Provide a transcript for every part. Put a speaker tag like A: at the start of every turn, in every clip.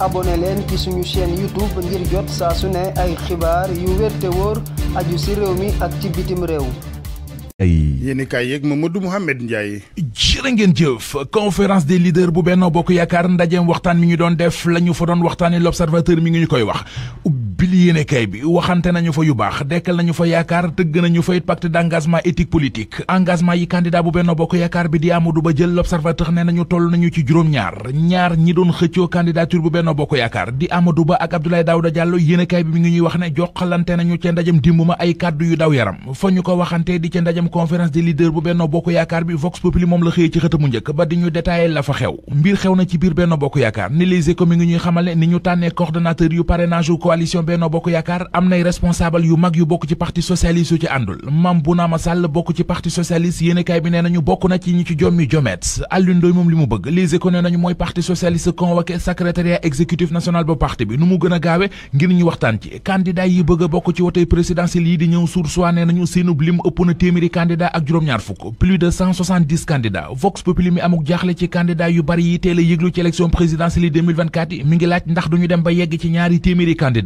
A: abonné leen ci suñu chaîne YouTube ngir jot saa su ne ay xibaar yu wér te wóor aju ci réew mi ak ci bitim réew. yéen kaay yeeg Mamadou Mouhamed Ndiaye. jërë ngeen jëf conférence des leaders bu Benno Bokk Yaakaar ndajeem waxtaan mi ñu doon def la ñu fa doon waxtaanee l'observateur mi ngi ñu koy wax. ubbil yéene kay bi waxante nañu fa yu baax dekkal nañu fa yaakaar tëgg nañu fa pacte d'engagement éthique politique engagement yi candidat bu Benno Bokk Yaakaar bi di Amadou Ba jël l'observateur ne nañu toll nañu ci juróom-ñaar ñaar ñi doon xëccoo candidature ak Abdoulaye Daouda Diallo yéene bi mi ngi ñuy wax ne joxalante nañu ca ndajam dimb ma ay kàddu yu daw yaram fa ñu ko waxante di ca ndajam conférence des leaders bu Benno Bokk Yaakaar bi Vox Populi moom la xëyee ci xëtamu njëkk ba di ñu détaillé la fa xew mbir xew na ci biir Benno Bokk Yaakaar am nay responsable yu mag yu bokk ci parti socialiste yu ci àndul Mame Bounama Sall bokk ci parti socialiste yéenekaay bi nee nañu bokk na ci ñi ci jommi jomet Alioune Ndoye moom li mu bëgg Les Échos nee nañu mooy parti socialiste convoqué secrétariat exécutif national ba parti bi nu mu gën a gaawe ngir ñu waxtaan ci candidat yi bëgg bokk ci wotey présidentielle yi di ñëw suur soi nee nañu seenub lim ëpp na téeméeri candidat ñaar fukk plus de 170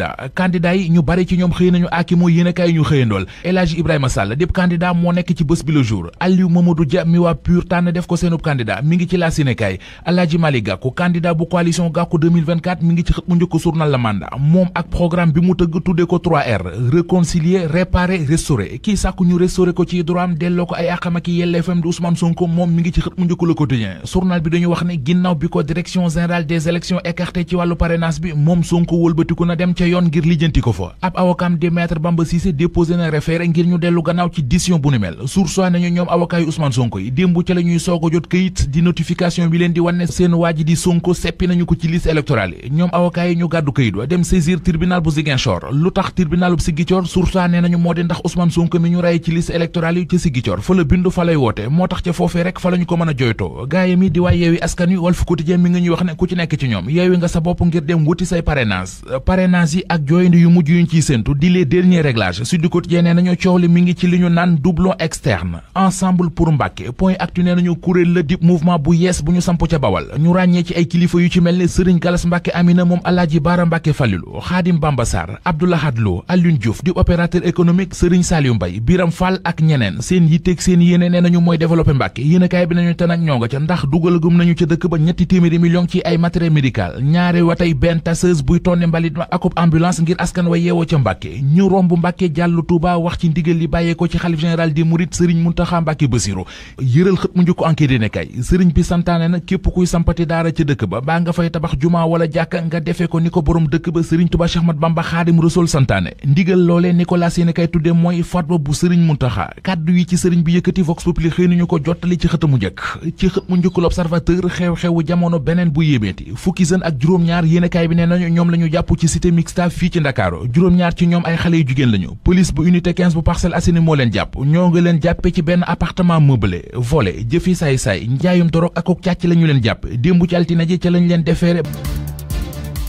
A: a candidat yi ñu bari ci ñoom xëy nañu ak moo yéen a kaay ñu xëyandool El Hadji Ibrahima Sall dépp candidat moo nekk ci bés bi le jour Aliou Mamadou Dia mi waa PUR tànn def ko seenub candidat mi ngi ci laa sinekaay El Hadji Malick Gakou bu coalition Gakou mi ngi ci xët mu njëkk journal la mandat moom ak programme bi mu tëgg tuddee ko r réconcilier réparer restaurer kii sàkku ñu restaurer ko ci droit am delloo ko ay àqam ak yelleefam di Ousmane Le Quotidien journal bi dañu wax ne ngir lijjanti ko fa ab awakaam di maître Bamba Cissé déposé na référé ngir ñu dellu gannaaw ci décision bu nu mel sursoi nañu ñoom avocat yu Sonko yi démb ca la ñuy jot këyit di notification bi leen di wanne seen waa ji di Sonko seppi nañu ko ci liste électorale yi ñoom avocat yi ñu gàddu këyit wa dem saisir tribunal bu Ziguinchor lu tax tribunal bu Ziguinchor ne nañu moo di ndax Ousmane Sonko mi ñu ray ci liste électorale yi jooyandi yu mujj yuñ ciy séntu di les derniers réglages su du côté nee nañu coow li mi ngi ci li ñu naan doublon externe ensemble pour Mbàkke point actu nee nañu kuréel la dib mouvement bu yees bu ñu samp ca bawal ñu ràññee ci ay kilifa yu ci mel ne Sëriñ Galas Mbàkke Amina moom Alaaji Baara Mbàkke Falilu Xaadim Bamba Sarr Abdoulahad Lo Alioune Diouf di opérateur économique Sëriñ Saliou Mbay Biram Fall ak ñeneen seen yitteeg seen yéene nee nañu mooy développé Mbàkke yéenekaay bi nañu te nag ñoo nga ca ndax dugal gum nañu ca dëkk ba ñetti téeméeri million ci ay matériel médical ñaari watay benn tasseuse place ngir askan wa yeewoo ca Mbàkke ñu romb Mbàkke jàllu Tuuba wax ci ndigal li bàyyee ko ci xalif général di murit sëriñ Muntaxa Mbàkke Basiru yëral xët mu njëkk enquête dina bi képp kuy sampati daara ca dëkk ba baa nga fay tabax jumaa wala jàkka nga defee ko ni ko borom dëkk ba sëriñ Tuuba Cheikh Ahmat Bamba Xaadim Rasuul santaane ndigal loolee Nicolas yéen kay tudde mooy fatwa bu sëriñ Muntaxa kàddu yi ci sëriñ bi yëkkati vox populi xëy nañu ko jottali mu njëkk ci xët mu njëkk l'observateur xew-xewu jamono beneen bu yéebeeti fukki jeunes ak juróom-ñaar yéen kay bi ne nañu ñoom lañu jàpp ci cité mixta ci ndakaaru juróom-ñaar ci ñoom ay xale yu jigéen lañu police bu unité 15 bu Parcelles Assainies moo leen jàpp ñoo ngi leen jàppe ci benn appartement meublé volé jëfi saay-saay njaayum dorog ak ak càcc la ñu leen jàpp démb ci altine ji ca lañ leen defee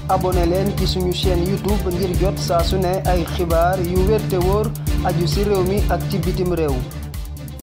A: abonné leen ci suñu chaîne youtube ngir jot saa su ne ay xibaar yu wér te wóor aju si réew mi ak ci bitim réew